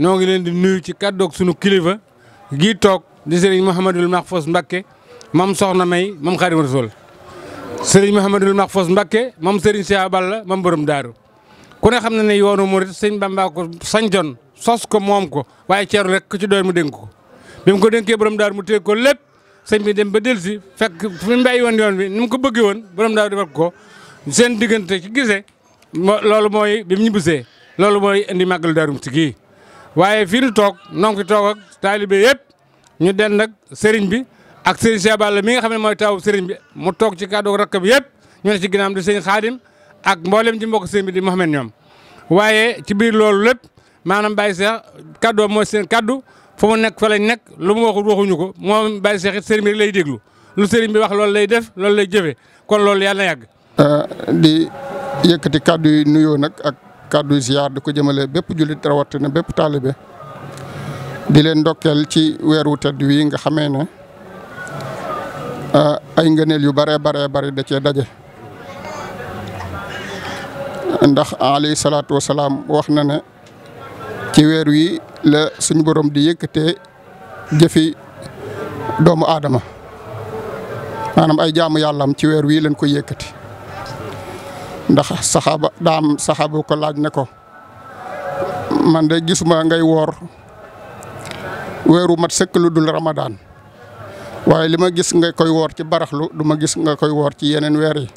noo ngi leen di nuyu ci kàddoog sunu kilifa gii toog di sëriñ Mouhamadul Mahfous Mbakke mam soxna May mam Xaadimu Rasuul sëriñ Mouhamadul Mahfous Mbakke mam sëriñ Cheikh Balla mam borom daaru ku ne xam na ne yoonu murit sëñ Bamba ko sancoon sos ko moom ko waaye ceeru rek ku ci doon mu dénk ko bi mu ko denkee borom daaru mu téye ko lépp sëñ bi dem ba del fekk fi mu bàyyi woon yoon bi nu mu ko bëggee woon borom daaru defal ko seen diggante ci gisee loolu mooy bi ñibbisee loolu mooy indi màggal daarum si gii waaye fii nu toog noo ngi toog ak taalibe yëpp ñu dend ak sëriñ bi ak sëriñ Cheikh Balla mi nga xam ne mooy taawu sëriñ bi mu toog ci kàddu rakk bi yëpp ñu ne ci ginnaam di sëriñ Xaadim ak mboolem ci mbokk sëriñ bi di Mouhamed ñoom. waaye ci biir loolu lépp maanaam Baye Cheikh kàddu seen kàddu fu mu nekk fa lañ nekk lu mu waxul waxuñu ko moom Baye Cheikh it sëriñ bi lay déglu lu sëriñ bi wax loolu lay def loolu lay jëfe kon loolu yàlla na yàgg. Ah, di yëkkati kàddu yi nuyoo nag ak. kàddu ziar di ko jëmale bépp jullit na bépp taalibe di leen ndokkeel ci weeru tedd wi nga xamee ne ah, ay ngëneel yu bare bare bari da cee daje ndax alayhi salaatu wasalaam wax na ne ci weer wi la suñu borom di yëkkatee jëfi doomu aadama maanaam ay jaamu yàllaam ci weer wii leen koy yëkkati ndax saxaaba daam saxaaba ko laaj ne ko man de gisuma ngay woor weeru mat sëkk lu dul ramadaan waaye li ma gis nga koy woor ci baraxlu du ma gis nga koy woor ci yeneen weer yi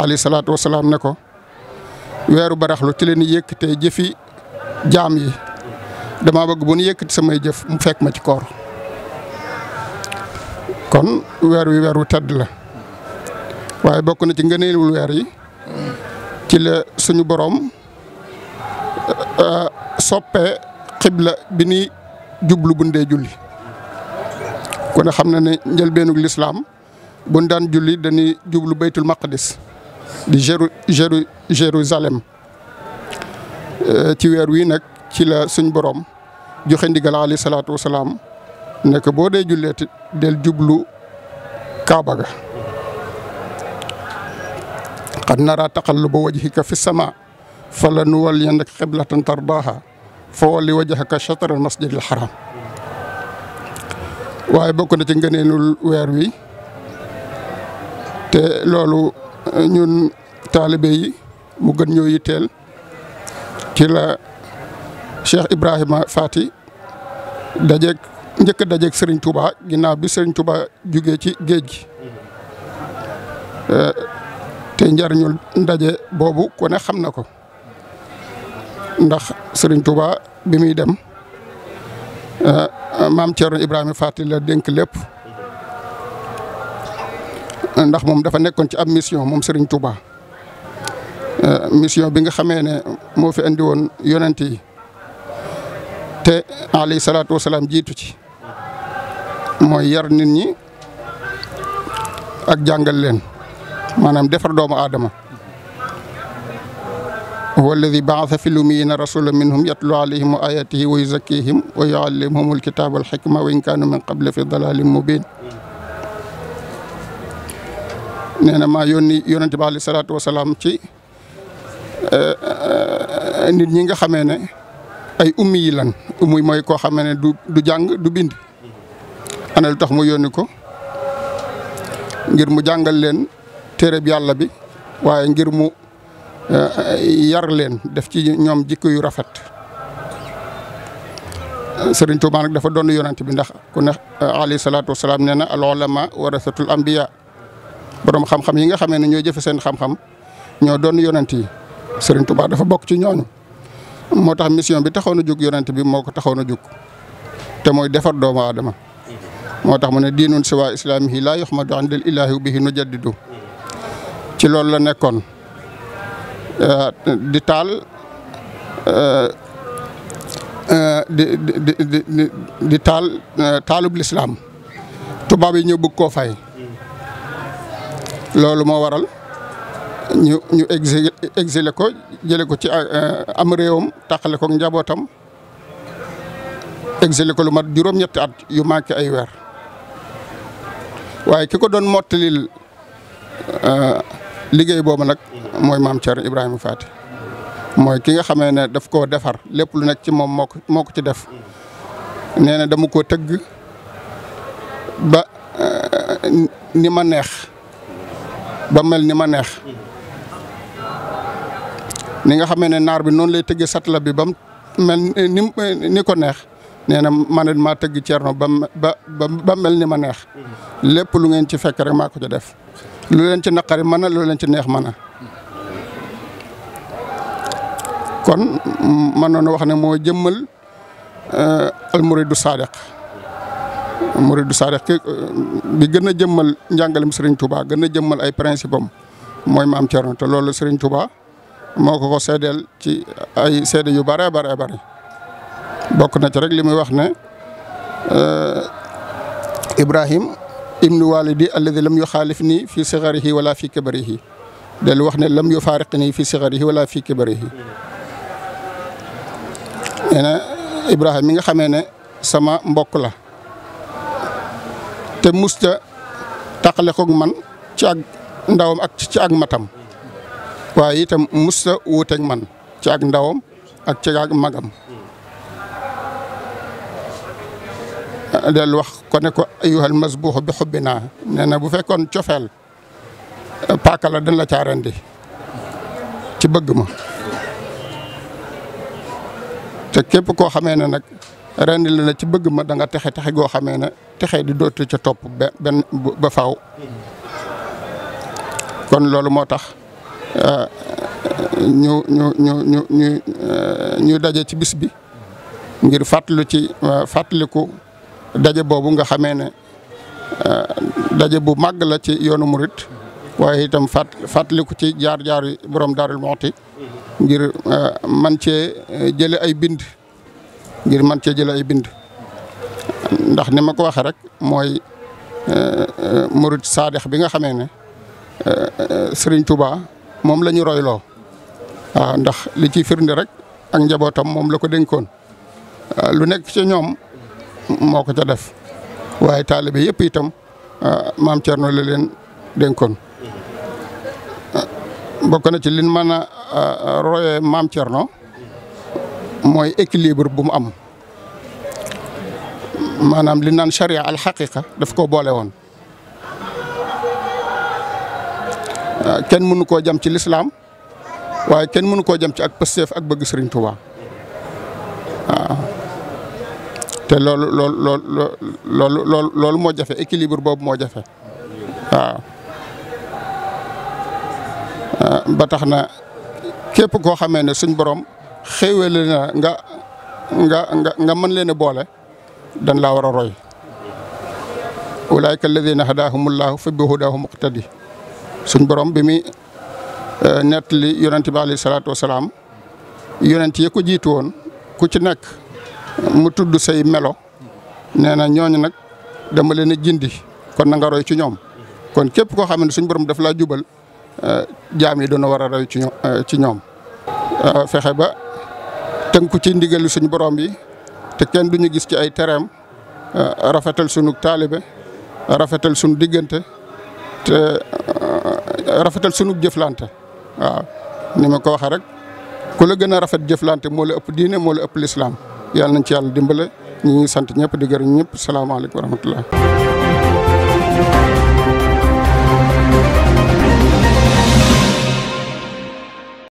alayhi salaatu wasalaam ne ko weeru baraxlu ci leen yëkkatee jëfi jaam yi dama bëgg bu nu yëkkati samay jëf mu fekk ma ci koor kon weer wi weer wu tedd la waaye bokk na ci ngëneelul weer yi ci la suñu boroom euh, euh, soppee xibla bi ni jublu bu ndee julli kon xam na ne njëlbeenug lislaam buñ daan julli dañuy jublu baytul maqdis di Jéru Jérusalem euh, ci weer wii nag ci la suñ boroom joxe ndigal alayhi salaatu wasalaam nekk boo dee julleeti del jublu Kaaba qad nara taqalluba wajhika fi sama fa la nuwalliyannaka qiblatan tardaaha fa walli wajhaka shatra al masjid al waaye bokk na ci ngëneenul weer wi te loolu eh, ñun taalibe mu gën ñoo yitteel ci la Cheikh Ibrahima Fati dajeeg njëkk a dajeeg Serigne Touba bi Serigne Touba jugee ci géej gi. Eh, te njariñul ndaje boobu ku xam na ko ndax Serigne Touba bi muy dem eh, maam Thierno Ibrahima Faty la dénk lépp ndax moom dafa nekkoon ci am mission moom Serigne Touba eh, mission bi nga xamee ne moo fi andi woon yonent te alayhi salaatu wasalaam jiitu ci mooy yar nit ñi ak jàngal leen. maanaam defar doomu aadama huwa alladi baasa fi lumiyina rasula minhum yatlu alayhim wa ayatihi wa yuzakkihim wa yuallimhum alkitaba walxikma wa in kaanu min qable fi dalalin mubin nee na maa yónni bi alei salaatu wasalaam ci eh, nit ñi nga xamee ne ay ummi yi lan ummi mooy koo xamee ne du du jàng du bind ana lu tax mu yónni ko ngir mu jàngal leen bi yàlla bi waaye ngir mu eh, eh, yar leen def ci ñoom jikko yu rafet sëriñ Tuubaa nag dafa doon yonent bi ndax ku ne eh, alayhi salaatu wasalaam nee a al ulama warasatul anbiya borom xam-xam yi nga xamee ne ñooy jëfe seen xam-xam ñoo doon yonent yi sëriñ Tuubaa dafa bokk ci ñooñu moo tax mission bi taxoon a jóg yonent bi moo ko taxoon a jóg te mooy defar doomu aadama moo tax mu ne diinun siwa islaamihi laa ma yuhmadu andal ilaahi bihi nu jaddidu ci loolu la nekkoon eh, di taal eh, eh, di di taal taalub lislaam tubaab yi ñu bëgg koo fay loolu moo waral ñu ñu ko jële ko ci am réewam taxale ko njabootam exilé ko lu ma juróom-ñetti at yu manqué ay weer waaye ki ko doon mottalil liggéey boobu nag mooy maam Thierno Ibrahima Faty mooy ki nga xamee ne daf koo defar lépp lu nekk ci moom moo ko moo ko ci def nee na dama ko tëgg ba eh, ni ma neex ba mel ni ma neex ni nga xamee ne naar bi noonu lay tëggee satla bi ba mu mel ni ni neex nee na ma ne maa tëgg ba mel ni ma neex lépp lu ngeen ci fekke rek maako ci def lu ci naqari mën a lu leen ci neex mën a kon mën noonu wax ne moo jëmmal euh, almuridu saadiq muridu saadiq bi gën a jëmmal njàngalem Serigne Touba gën a jëmmal ay principe am mooy maam Thierno te loolu Serigne Touba moo ko ko seedeel ci ay seede yu bare bare bare bokk na ci rek li muy wax ne euh, Ibrahim ibnu walidi alladi lam yu xaalif nii fi sigarihi wala fi kibarihi dellu wax ne lam yu faariq nii fi sigarihi wala fi kibarihi nee na Ibrahima mi nga xamee ne sama mbokk la te musta taqale koog man ci ak ak ci matam waaye itam musta wuuteeg man ci ak ndawam ak ci magam dellu wax ko ne ko ayuhal masbuux bi xubbi naa nee na bu fekkoon cofeel paaka la dañ la caarandi ci bëgg ma te képp koo xamee ne nag rendi la la ci bëgg ma danga nga texe texe goo xamee ne texe di dootu ca topp ba faw kon loolu moo tax ñu ñu ñu ñu ñu daje ci bis bi ngir fàttalu ci fàttaliku daje boobu nga xamee ne euh, daje bu màgg la ci yoonu murit waaye itam fàtt fàttaliku ci jaar jaar yi borom daarul moxti ngir euh, man cee euh, jële ay bind ngir man cee jële ay bind ndax ni ma ko waxee rek mooy murit saadex bi nga xamee ne Sëriñ Tuuba moom la ñu royloo waaw ndax li ci firnde rek ak njabootam moom la ko dénkoon lu nekk ci ñoom moo ko ca def waaye taalibe yëpp itam ah, maam no la leen dénkoon ah, bokk na ci lin mën a ah, royee maam no mooy équilibre bu mu am maanaam li naan charia al xaqiqa daf koo boole woon kenn mënu koo jam ci lislaam waaye kenn mënu koo jam ci ak pësteef ak bëgg Sëriñ Tuubaa te loolu loolu loolu loolu loolu moo jafe équilibre boobu moo jafe waaw ah, ba tax na képp koo xamee ne suñ borom xéwale na nga nga nga nga mën leen a boole dañ laa war a roy na ulaayka alladina hadahumullahu fa bi hudahu muqtadi suñ borom bi muy eh, nettali yonent bi alayhi salaatu wasalaam yonent yi ko woon ku ci nekk mu tudd say melo nee na ñooñu nag dama leen jindi kon na nga ci ñoom kon képp koo xam ne suñ borom daf laa jubal eh, jaam yi doona war a roy ci ñoom eh, ci ñoom eh, fexe ba ku ci ndigalu suñu borom yi te kenn du ñu gis ci ay tereem rafetal sunu taalibe rafetal sunu diggante te rafetal sunu jëflante waaw ni ma ko waxee rek ku la gën a rafet jëflante moo la ëpp diine moo la ëpp lislaam yàlla nañ ci yàlla dimbale ñu sant ñëpp di gër ñëpp salaamaaleykum wa rahmatullah